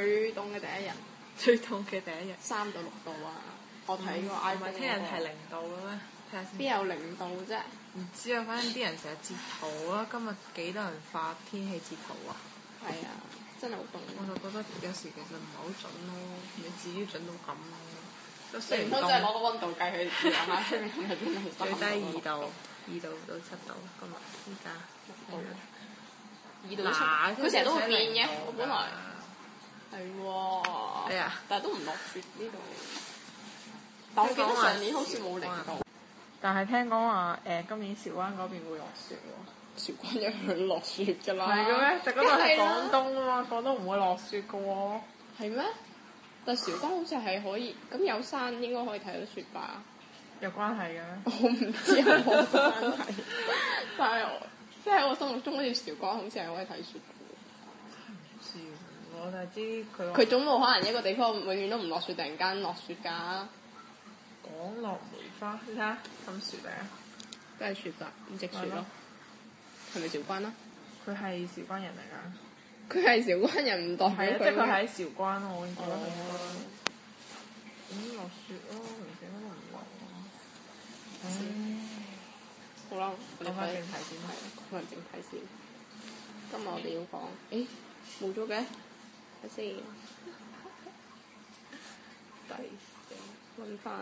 最凍嘅第一日，最凍嘅第一日，三到六度啊！我睇過，聽日係零度嘅咩？睇下，邊有零度啫？唔知啊，反正啲人成日截圖啊。今日幾多人發天氣截圖啊？係啊，真係好凍。我就覺得有時其實唔係好準咯，未至於準到咁咯。都最多即係攞個溫度計去量下，最低二度，二度到七度今日依家。二度出，佢成日都會變嘅。我本來。係喎，哦哎、呀但係都唔落雪呢度。但我記得上年好似冇嚟到。關但係聽講話誒，今年韶關嗰邊會落雪喎。韶關一樣落雪㗎啦。係嘅咩？就但係廣東啊嘛，廣東唔會落雪嘅喎。係咩？但係韶關好似係可以，咁有山應該可以睇到雪吧？有關係嘅咩？ 我唔知有冇關係，但係即係喺我心目中好似韶關好似係可以睇雪。我就知，佢總冇可能一個地方永遠都唔落雪，突然間落雪㗎。講落梅花，你睇下，咁雪咩？都係雪咋，咁直雪咯。係咪韶關咯？佢係韶關人嚟噶。佢係韶關人唔代表佢。即係佢喺韶關咯。嗯，落雪咯，唔想都唔落。好啦，你翻整體先看，係可能翻整體先，先，先，先。今日我哋要講，誒、欸，冇咗嘅。睇先，抵死揾翻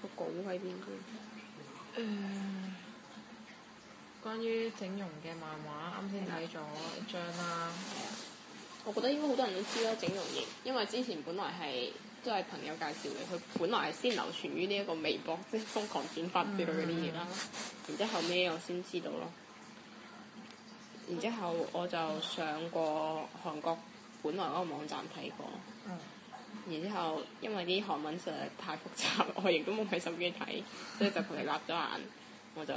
個稿喺邊先。嗯，關於整容嘅漫畫，啱先睇咗一張啦。我覺得應該好多人都知啦，整容型，因為之前本來係都係朋友介紹嘅，佢本來係先流傳於呢一個微博，即係瘋狂轉發之類嗰啲嘢啦。嗯，然之後尾我先知道咯。然之後我就上過韓國。本來嗰個網站睇過，嗯、然之後因為啲韓文實在太複雜，我亦都冇喺手機睇，所以就佢哋擸咗眼，嗯、我就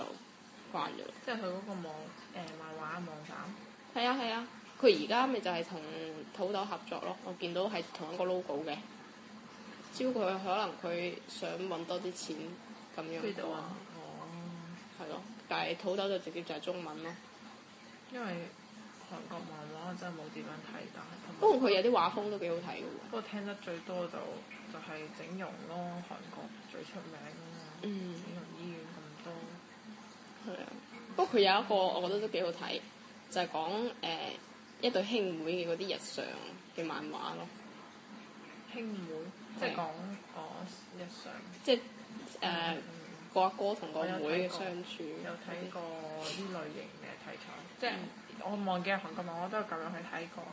關咗。即係佢嗰個網漫、呃、畫、畫網站。係啊係啊，佢而家咪就係同土豆合作咯，我見到係同一個 logo 嘅，只不過可能佢想揾多啲錢咁樣。哦。係咯、嗯啊，但係土豆就直接就係中文咯。因為。韓國漫畫真係冇點樣睇，但係不過佢有啲畫風都幾好睇嘅喎。不過聽得最多就就係整容咯，韓國最出名啊嘛，嗯、整容醫院咁多。係啊，不過佢有一個我覺得都幾好睇，就係、是、講誒、呃、一對兄妹嘅嗰啲日常嘅漫畫咯。兄妹即係講講日常。即係誒、呃嗯、個阿哥同個妹嘅相處。有睇過呢類型嘅題材，即係、 嗯。我望見韓國漫，我都係咁樣去睇過，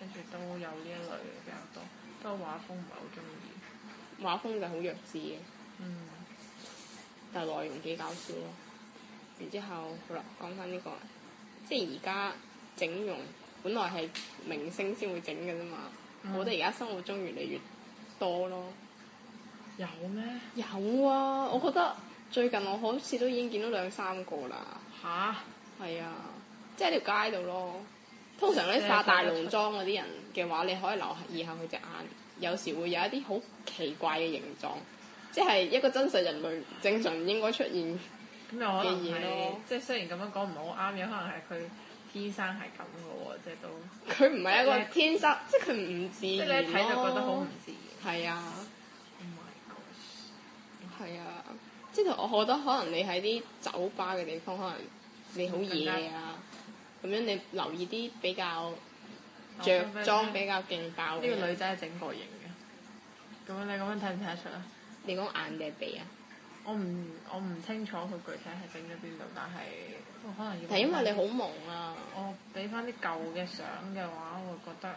跟住、嗯、都有呢一類嘅比較多，不過畫風唔係好中意。畫風就好弱智嘅，嗯、但係內容幾搞笑咯。然之後好啦，講翻呢個，即係而家整容，本來係明星先會整嘅啫嘛。嗯、我哋而家生活中越嚟越多咯。有咩嗎？有啊！我覺得最近我好似都已經見到兩三個啦。吓哈？係啊。即係條街度咯。通常咧化是大濃妝嗰啲人嘅話，你可以留意下佢隻眼，有時會有一啲好奇怪嘅形狀，即係一個真實人類正常唔應該出現嘅嘢。即係雖然咁樣講唔係好啱，有可能係佢天生係咁嘅喎，即係都。佢唔係一個天生，就是就是、即係佢唔自然咯。即係你睇就覺得好唔自然。係、嗯、啊。Oh my god、嗯、啊，即係我覺得可能你喺啲酒吧嘅地方，可能你好夜啊。咁樣你留意啲比較着裝比較勁爆呢個女仔係整過型嘅。咁樣看看你咁樣睇唔睇得出啊？你講眼定鼻啊？我唔我唔清楚佢具體係整咗邊度，但係可能要睇。係因為你好忙啦、啊。我俾翻啲舊嘅相嘅話，我會覺得。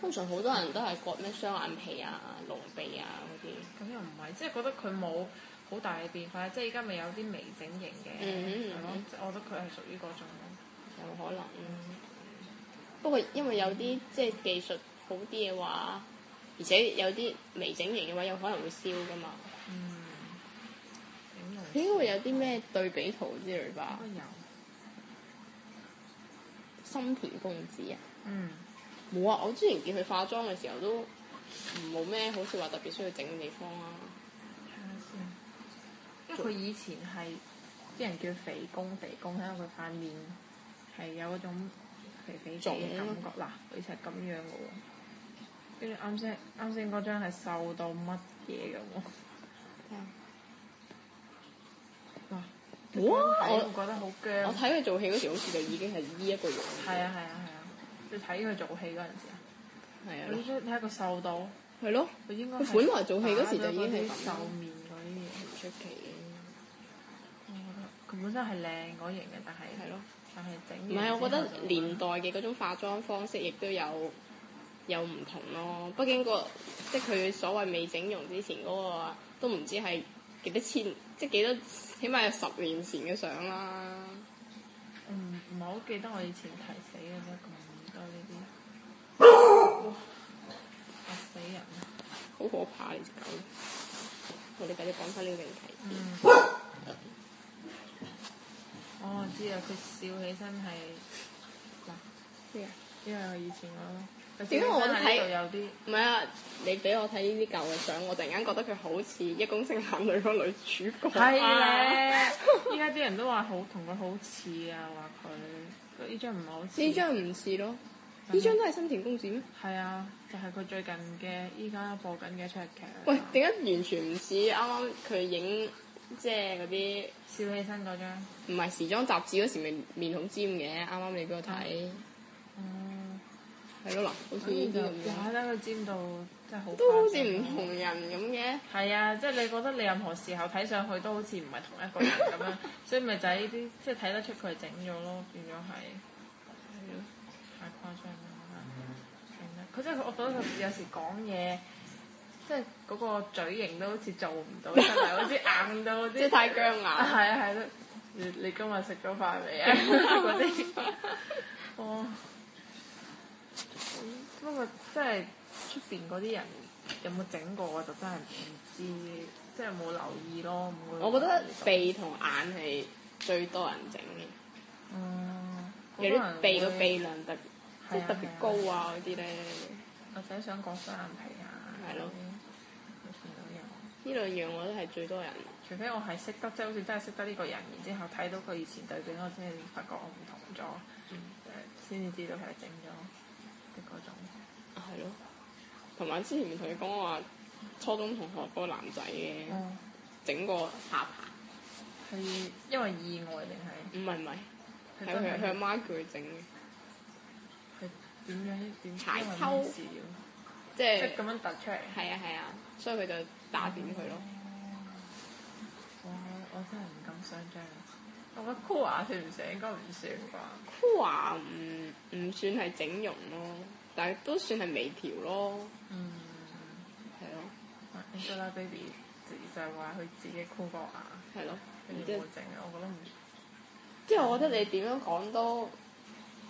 通常好多人都係割咩雙眼皮啊、隆鼻啊嗰啲。咁又唔係，即係覺得佢冇好大嘅變化。即係而家咪有啲微整形嘅，係咯、嗯，嗯、我覺得佢係屬於嗰種。有可能，嗯、不過因為有啲即係技術好啲嘅話，而且有啲微整形嘅話，有可能會燒噶嘛。嗯，應該會有啲咩對比圖之類吧。有。深田公子啊？嗯。冇啊！我之前見佢化妝嘅時候都冇咩好似話特別需要整嘅地方啦、啊。等等因為佢以前係啲人叫肥公肥公，喺佢塊面。有嗰種肥肥嘅感覺啦，佢就係咁樣嘅喎。跟住啱先，啱先嗰張係瘦到乜嘢嘅喎。嗯啊、哇！我覺得好驚。我睇佢做戲嗰時，好似就已經係依一個型。係啊係啊係啊！你睇佢做戲嗰陣時啊。係啊。你睇佢瘦到？係咯。佢應該。佢本來做戲嗰時就已經係瘦面嗰啲型，唔出奇。我覺得佢本身係靚嗰型嘅，但係。係咯。唔係，我覺得年代嘅嗰種化妝方式亦都有有唔同咯。畢竟個即係佢所謂未整容之前嗰個都唔知係幾多千，即係幾多，起碼有十年前嘅相啦。嗯，唔係好記得我以前提死嘅啫，咁多呢啲，嚇死人！好可怕呢隻狗，我哋繼續講翻呢個問題。嗯 知啊！佢笑起身係嗱咩啊？因為我以前嗰張點解我都睇到有啲唔係啊！你俾我睇呢啲舊嘅相，我突然間覺得佢好似《一公升眼淚》嗰女主角啊！依家啲人都話好同佢好似啊！話佢呢張唔係好似？呢張唔似咯？呢田張都係新田公子咩？係啊，就係、係、佢最近嘅依家播緊嘅出劇、啊。喂，點解完全唔似啱啱佢影？剛剛即係嗰啲笑起身嗰張，唔係時裝雜誌嗰時咪面好尖嘅，啱啱你俾我睇，哦，係咯，好似就哇，睇佢尖到真係好，都好似唔同人咁嘅，係啊，即係你覺得你任何時候睇上去都好似唔係同一個人咁樣， 所以咪就係呢啲，即係睇得出佢整咗咯，變咗係，係咯，太誇張啦，真係，整得，佢真係我覺得佢有時講嘢。即係嗰個嘴型都好似做唔到真係，好似硬到啲。即係太僵硬。係啊係咯，你你今日食咗飯未啊？嗰啲哦，不過即係出邊嗰啲人有冇整過，我就真係唔知，即係冇留意咯。唔會。我覺得鼻同眼係最多人整嘅。嗯。有啲鼻個鼻梁特別，即係特別高啊嗰啲咧。或者的想講雙眼皮啊？係咯。呢兩樣我都係最多人，除非我係識得，即、就、係、是、好似真係識得呢個人，然之後睇到佢以前對面，我先發覺我唔同咗，先至、嗯、知道佢係整咗的嗰種。係咯、啊，同埋之前同你講我話初中同學嗰個男仔嘅整過下巴，係、哦、因為意外定係？唔係唔係，係佢佢阿媽叫佢整嘅。點樣一點？排抽。秋即係咁樣突出嚟，係啊係啊，所以佢就打斷佢咯。我、嗯、我真係唔敢想像，我覺得箍牙算唔算應該唔算啩？箍牙唔唔算係整容咯，但係都算係微調咯。嗯，係 咯。Angelababy 就係話佢自己箍個牙，係 咯，唔會整嘅。我覺得唔，即係我覺得你點樣講都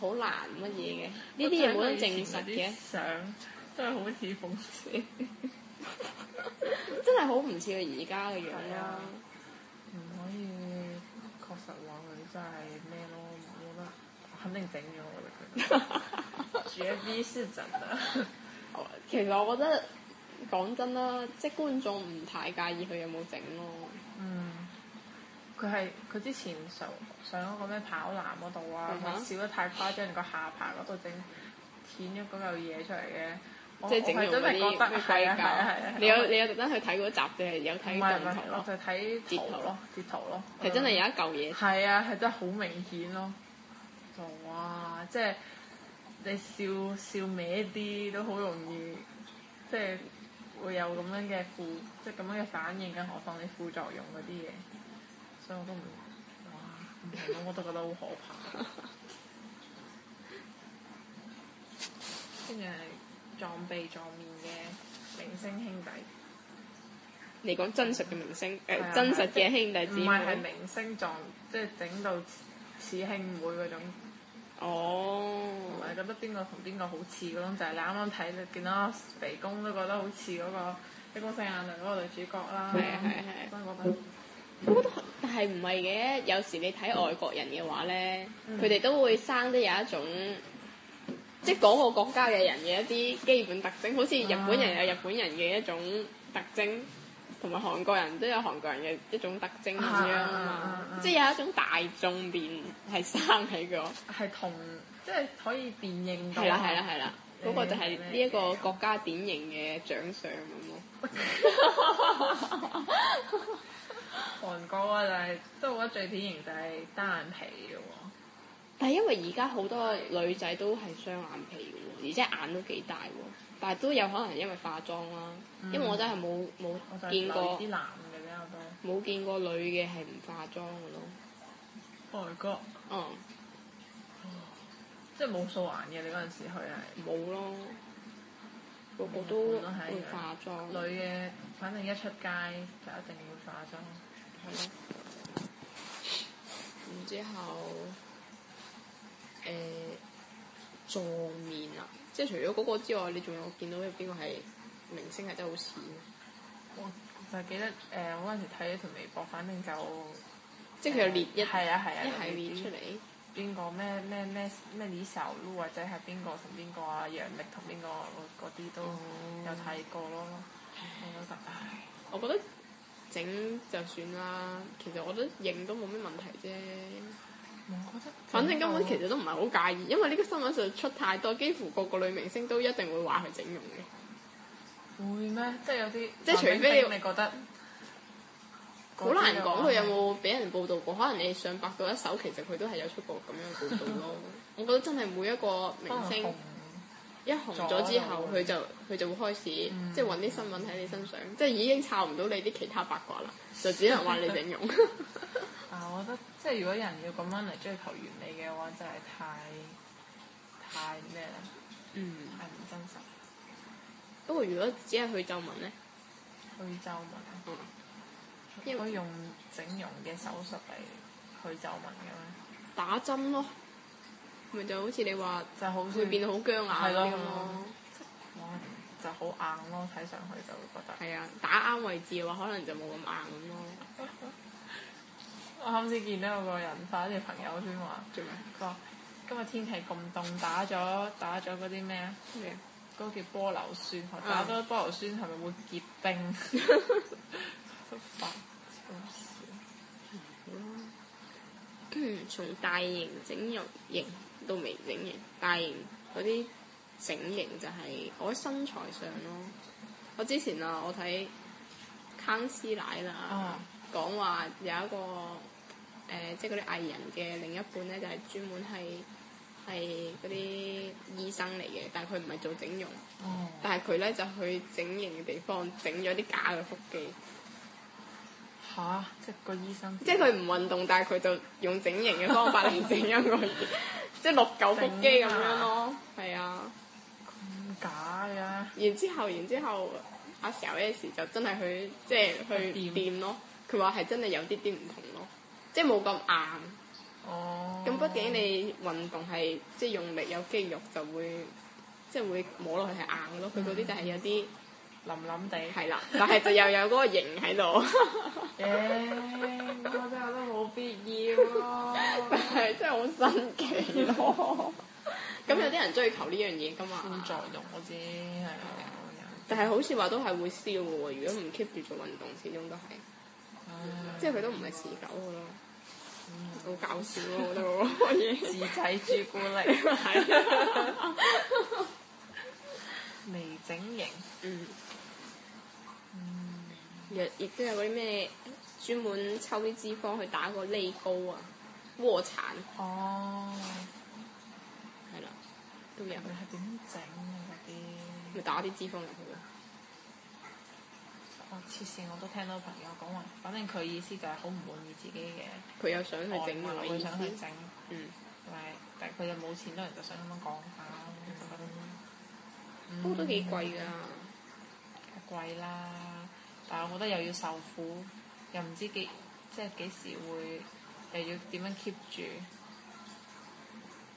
好難乜嘢嘅，呢啲嘢冇得證實嘅相。真係好似諷刺，真係好唔似佢而家嘅樣啊。唔可以確實話佢真係咩咯？我覺得肯定整咗我覺得佢。絕 b 是整啊。其實我覺得講真啦，即係觀眾唔太介意佢有冇整咯。嗯。佢係佢之前上上嗰個咩跑男嗰度啊，佢笑得太誇張，個下巴嗰度整剪咗嗰嚿嘢出嚟嘅。我即係整容嗰啲咩計較？教你有的你有特登去睇嗰集嘅，有睇鏡頭咯？不不不，就睇截圖咯，截圖咯，係真係有一嚿嘢。係啊圖，係真係好明顯咯。就哇，即係你笑笑歪啲都好容易，即係會有咁樣嘅副，即係咁樣嘅反應，更何況你副作用嗰啲嘢。所以我都唔，哇！咁我都覺得好可怕。跟住係。撞臂撞面嘅明星兄弟，嚟講真實嘅明星誒，真實嘅兄弟姊妹。唔係係明星撞，即係整到似兄妹嗰種。哦。同埋咁啊，邊個同邊個好似嗰種？就係、是、你啱啱睇就見到肥公都覺得好似嗰、那個《碧波四眼》嗰個女主角啦。係係係。所以覺，我覺得但係唔係嘅，有時你睇外國人嘅話咧，佢哋、嗯、都會生得有一種。即係嗰個國家嘅人嘅一啲基本特徵，好似日本人有日本人嘅一種特徵，同埋韓國人都有韓國人嘅一種特徵咁樣。啊啊啊、即係有一種大眾面係生起個，係同即係可以辨認到。係啦係啦係啦，嗰、嗰個就係呢一個國家典型嘅長相咁咯。欸、韓國啊，就係，即係我覺得最典型就係單眼皮嘅但係因為而家好多女仔都係雙眼皮喎，而且眼都幾大喎，但係都有可能因為化妝啦。嗯、因為我真係冇冇見過。啲男嘅比較多。冇見過女嘅係唔化妝嘅咯。外國、oh。嗯。即係冇素顏嘅，你嗰陣時去係。冇咯。個個都、嗯、會化妝。女嘅，反正一出街就一定要化妝。係咯、嗯。嗯、然之後。誒，撞、呃、面啦、啊！即係除咗嗰個之外，你仲有見到有邊個係明星係真係好似？我就記得誒、呃，我嗰陣時睇咗條微博，反正就、呃、即係佢有列一係啊係啊，一系列出嚟邊個咩咩咩咩李 i s 或者係邊個同邊個啊？楊冪同邊個嗰啲都有睇過咯。嗯、我覺得唉，我覺得整就算啦，其實我覺得認都冇咩問題啫。我覺得反正根本其實都唔係好介意，因為呢個新聞上出太多，幾乎個個女明星都一定會話佢整容嘅。會咩？即係有啲即係除非你覺得好難講佢，是有冇俾人報導過，可能你上百度一搜，其實佢都係有出過咁樣報導咯。 我覺得真係每一個明星，一紅咗之後，佢路就佢就會開始、嗯、即係揾啲新聞喺你身上，嗯、即係已經查唔到你啲其他八卦啦， 就只能話你整容。 啊，我覺得即係如果人要咁樣嚟追求完美嘅話，就係、是、太太咩啦，嗯，太唔真實。不過如果只係去皺紋咧，去皺紋，嗯、應該用整容嘅手術嚟去皺紋嘅咩？打針咯。咪就好似你話、嗯嗯，就會變到好僵硬啲咁咯。就好硬咯，睇上去就會覺得。係啊，打啱位置嘅話，可能就冇咁硬咁咯。 我啱先見到有個人發一條朋友圈話，做咩麼？佢今日天，天氣咁凍，打咗打咗嗰啲咩啊？嗰 Yeah. 個叫玻尿酸，打多玻尿酸係咪會結冰？少。 嗯、從大型整容型。都未整形，但係嗰啲整形就係我喺身材上咯。我之前啊，我睇坑師奶啦，講話、嗯、有一個誒、呃，即係嗰啲藝人嘅另一半咧，就係、是、專門係係嗰啲醫生嚟嘅，但係佢唔係做整容，嗯、但係佢咧就去整形嘅地方整咗啲假嘅腹肌。吓？即係個醫生？即係佢唔運動，但係佢就用整形嘅方法嚟整一個。即六九腹肌咁樣咯，係啊。咁假嘅。然之後，然之後阿小 S 就真係去，即係去掂咯，佢話係真係有啲啲唔同咯，即係冇咁硬。哦。咁畢竟你運動係即係用力有肌肉就會即係會摸落去係硬咯，佢嗰啲就係有啲。嗯淋淋哋係啦，但係就又有嗰個型喺度。Yeah, 我真係覺得冇必要咯。係，真係好新奇咯。咁有啲人追求呢樣嘢㗎嘛？副作用我知係啊， 但係好似話都係會燒嘅喎。如果唔 keep 住做運動，始終都係，即係佢都唔係持久嘅咯。好搞笑咯，我都自製朱古力，微 整形。嗯。亦都有嗰啲咩，專門抽啲脂肪去打個脷高啊，臥蠶。哦。係啦， 都有。係點整嘅嗰啲？要打啲脂肪入去啊！啊、哦！之前我都聽到朋友講話，反正佢意思就係好唔滿意自己嘅，佢有想去整我佢想去整。嗯。 但係佢又冇錢，多人就想咁樣講下咁。不過都幾貴㗎。貴啦、啊、～但係我覺得又要受苦，又唔知幾即係幾時會，又要點樣 keep 住？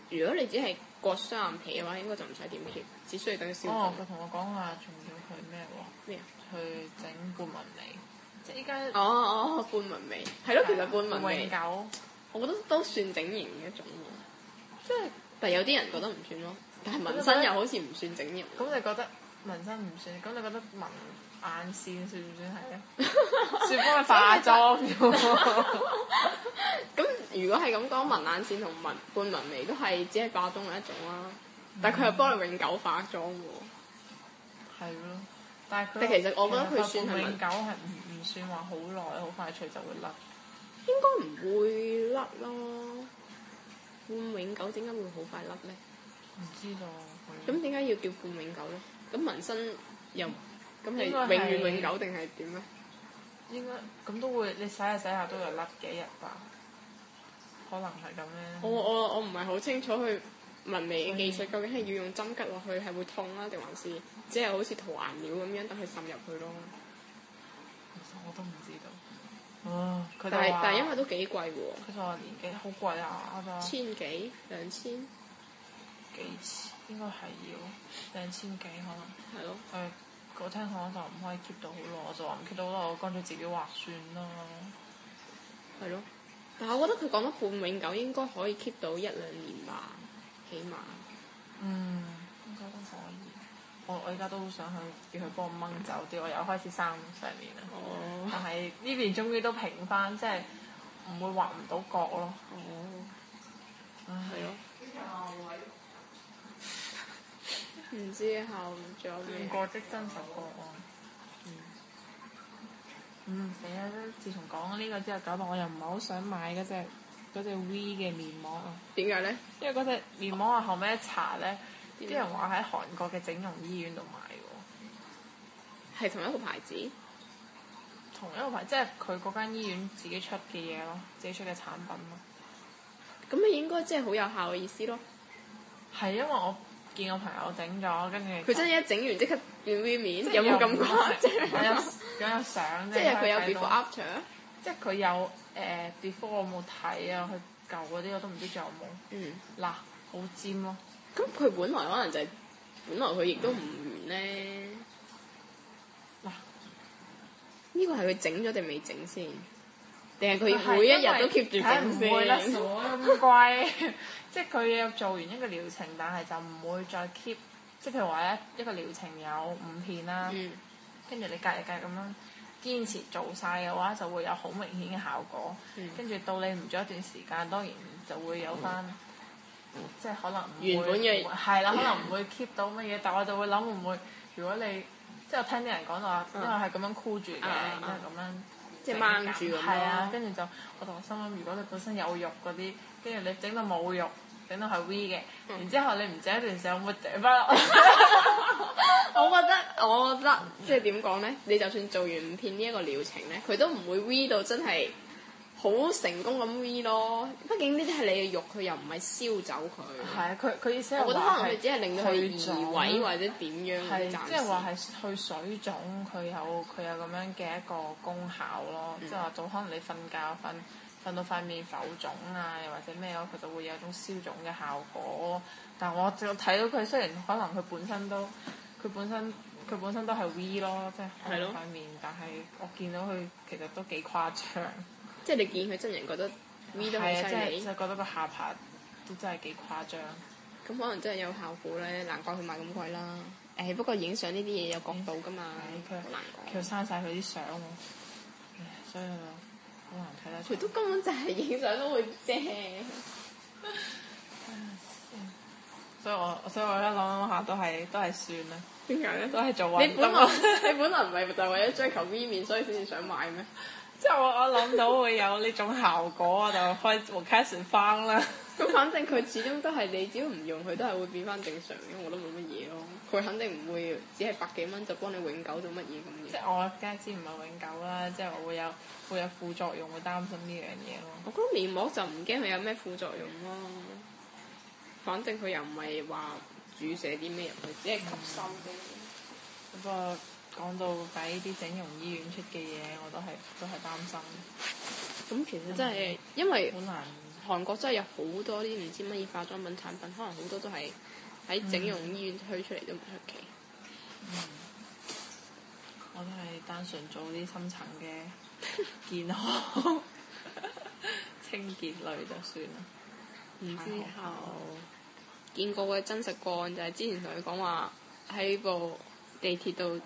如果你只係割雙眼皮嘅話，應該就唔使點 keep，只需要等佢消退。哦，佢同我講話，仲要麼去咩喎？咩？去整半紋眉。即係依家。哦哦哦！半紋眉，係咯、嗯，對其實冠紋眉。永久。我覺得都算整形嘅一種喎。即係，但係有啲人覺得唔算咯。但係紋身又好似唔算整形。咁、嗯嗯、你覺得紋身唔算？咁你覺得紋？眼線算唔算係啊？ 算幫你化妝喎。咁如果係咁講，紋眼線同紋半紋眉都係只係化妝嘅一種啦，但係佢係幫你永久化妝嘅喎。係咯、嗯，但係佢。其實我覺得佢算係永久，係唔唔算話好耐，好快脆就會甩。應該唔會甩咯。半永久點解會好快甩咧？唔知道、啊。咁點解要叫半永久咧？咁紋身又。嗯咁你永遠永久定係點咧？應該咁都會，你洗下洗下都有甩幾日吧，可能係咁咧。我我我唔係好清楚佢，紋眉嘅技術，以究竟係要用針吉落去係會痛啦，定還是只係好似塗顏料咁樣，等佢滲入去咯。其實我都唔知道。呃、但係但係，因為都幾貴喎。佢我年紀好貴啊！千幾兩千幾千，應該係要兩千幾可能。係咯。係、嗯。我聽我就唔可以 keep 到好耐，我就話唔 keep 到好耐，我乾脆自己畫算啦。係咯，但係我覺得佢講得好永久，應該可以 keep 到一兩年吧，起碼。嗯，應該都可以。我我依家都好想去叫佢幫我掹走啲，嗯、我又開始生上面啦。哦。但係呢邊終於都平翻，即係唔會畫唔到角咯。嗯、哦。唉，係咯。然之後，仲有咩？韓國的真實個案。嗯。嗯，死啦！自從講咗呢個之後，搞到我又唔係好想買嗰隻嗰隻 V 嘅面膜啊。點解咧？因為嗰隻面膜我後尾一查咧，啲人話喺韓國嘅整容醫院度買嘅喎。係同一個牌子？同一個牌子，即係佢嗰間醫院自己出嘅嘢咯，自己出嘅產品咯。咁應該即係好有效嘅意思咯。係因為我，見我朋友整咗，跟住佢真係一整完即刻變 V 面，有冇咁誇張？ 有有相，即係佢有 before after，即係佢有誒 before 我冇睇啊，佢、呃、舊嗰啲我都唔知仲有冇。嗯，嗱，好尖咯。咁佢本來可能就係、本來佢亦都唔完咧。嗱喇，呢個係佢整咗定未整先？定係佢每一日都 keep 住咁先，唔會甩鎖咁貴。即係佢要做完一個療程，但係就唔會再 keep。即係譬如話一一個療程有五片啦，跟住你隔日隔日咁樣堅持做晒嘅話，就會有好明顯嘅效果。跟住到你唔做一段時間，當然就會有翻，即係可能唔會係啦，可能唔會 keep 到乜嘢。但我就會諗會唔會，如果你即係我聽啲人講話，因為係咁樣箍住嘅，因為咁樣。掹住咁樣咯，啊、跟住就我同我心諗，如果你本身有肉嗰啲，跟住你整到冇肉，整到係 V 嘅，嗯、然之後你唔整嗰陣時，有冇整翻？我覺得我覺得即係點講咧，你就算做完五片呢一個療程咧，佢都唔會 V 到真係。好成功咁 V 咯，畢竟呢啲係你嘅肉，佢又唔係燒走佢。係啊，佢佢意思。我覺得可能佢只係令到佢移位或者點樣。即係話係去水腫，佢有佢有咁樣嘅一個功效咯。即係話到可能你瞓覺瞓瞓到塊面浮腫啊，又或者咩咯，佢就會有一種消腫嘅效果。但係我就睇到佢雖然可能佢本身都佢本身佢本身都係 V 咯，即係塊面，的但係我見到佢其實都幾誇張。即係你見佢真人覺得 V 都好犀利，就覺得個下巴都真係幾誇張。咁可能真係有效果咧，難怪佢賣咁貴啦。誒、欸，不過影相呢啲嘢有講到噶嘛？佢佢刪晒佢啲相喎，所以好難睇啦！佢都根本就係影相都會正。 所以我所以我諗諗下都係都係算啦。點解咧？都係做運動。你本來你本來唔係就係為咗追求 V 面所以先至想買咩？即係我我諗到會有呢種效果， 我就開 Vaseline 翻啦。咁反正佢始終都係你只要唔用，佢都係會變翻正常，因為我都冇乜嘢咯。佢肯定唔會只係百幾蚊就幫你永久做乜嘢咁。即係我梗知唔係永久啦，即係我會有會有副作用，我擔心呢樣嘢咯。我覺得面膜就唔驚佢有咩副作用咯。嗯、反正佢又唔係話注射啲咩入去，只係吸收啲。不過、嗯講到喺啲整容醫院出嘅嘢，我都係都係擔心。咁、嗯、其實真係因為好難韓國真係有好多啲唔知乜嘢化妝品產品，可能好多都係喺整容醫院推出嚟都唔出奇。嗯、我都係單純做啲深層嘅健康 清潔類就算啦。 然之後見過嘅真實個案就係、是、之前同佢講話喺部地鐵度。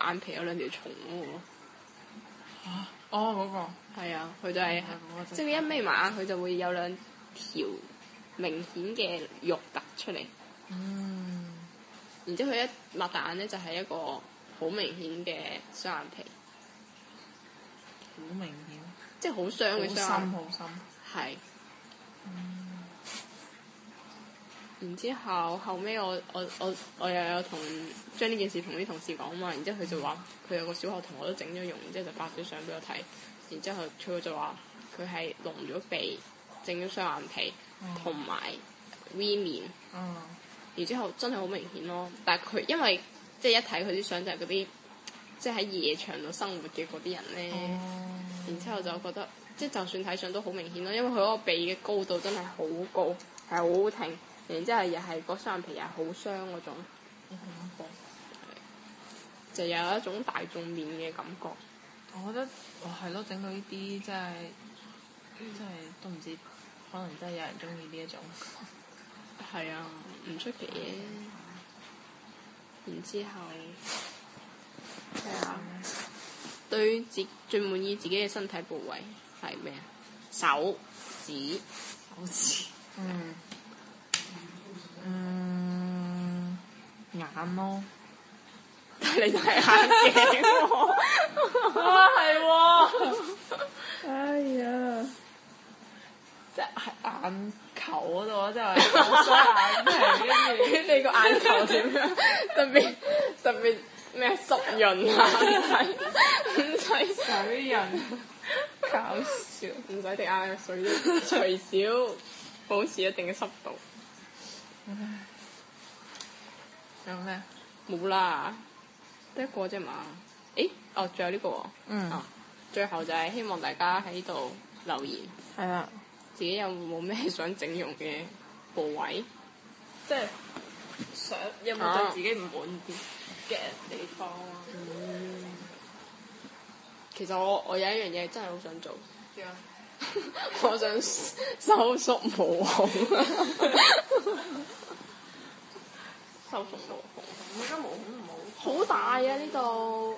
眼皮有兩條蟲喎。哦，嗰、嗰個。係啊，佢就係、係，嗯嗰個、即係佢一眯埋眼，佢就會有兩條明顯嘅肉凸出嚟。嗯。然之後佢一擘大眼咧，就係一個好明顯嘅雙眼皮。好明顯。即係好傷嘅雙眼皮。深，好深。係。然之後，後尾我我我我又有同將呢件事同啲同事講嘛。然之後佢就話佢有個小學同學都整咗容，然之後就發咗相俾我睇。然之後佢就話佢係隆咗鼻、整咗雙眼皮，同埋 V 面。然之後真係好明顯咯，但係佢因為即係、就是、一睇佢啲相就係嗰啲即係喺夜場度生活嘅嗰啲人咧。然之後就覺得即係就算睇相都好明顯咯，因為佢嗰個鼻嘅高度真係好高，係好挺。然之後又係個雙眼皮傷種，又係好傷嗰種，就有一種大眾面嘅感覺。我覺得哇，係、哦、咯，整到呢啲真係真係都唔知，可能真係有人中意呢一種。係 啊，唔出奇嘅。然之後係啊，對自最滿意自己嘅身體部位係咩啊？手指。手指。嗯。嗯、眼咯， 你睇係眼鏡喎、啊， 哇係喎，對哦、 哎呀，即係眼球嗰度啊，真係好衰啊！咁你 你個眼球點樣？特別特別咩濕潤啊？唔使唔使 人搞笑，唔使滴眼水都，最少 保持一定嘅濕度。仲 Okay .、okay. 有咩？冇啦，得一個啫嘛。誒、欸，哦，仲有呢個喎、哦。嗯。最後就係希望大家喺度留言、嗯。係啊。自己有冇咩想整容嘅部位？即係想有冇對自己唔滿意嘅地方啊？嗯、其實我我有一樣嘢真係好想做。Yeah. 我想收縮毛孔。收縮到，唔係間毛孔唔好。好大啊，呢度，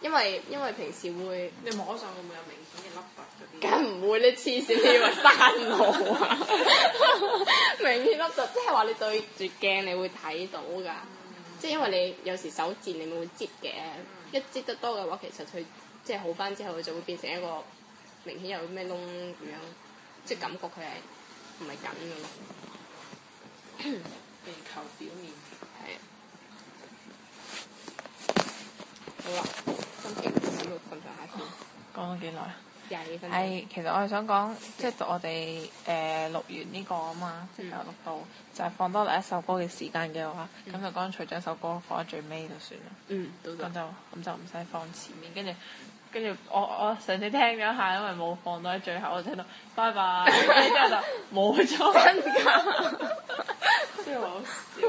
因為因為平時會。你摸上會唔會有明顯嘅凹凸？梗唔會，你黐線你以為生毛啊！ 明顯凹凸即係話你對住鏡，你會睇到㗎。嗯、即係因為你有時手賤你會擠嘅，嗯、一擠得多嘅話，其實佢即係好翻之後，佢就會變成一個明顯有咩窿咁樣，即係感覺佢係唔係緊嘅咯？地 球表面。好啦，今期六咁上下先，講咗幾耐啊？廿幾分鐘。係，其實我係想講，即係我哋誒錄完呢個啊嘛，即係錄到，就係放多另一首歌嘅時間嘅話，咁就乾脆將首歌放喺最尾就算啦。嗯，咁就咁就唔使放前面，跟住跟住我我上次聽咗一下，因為冇放到喺最後，我聽到拜拜，之後就冇咗。真係好笑。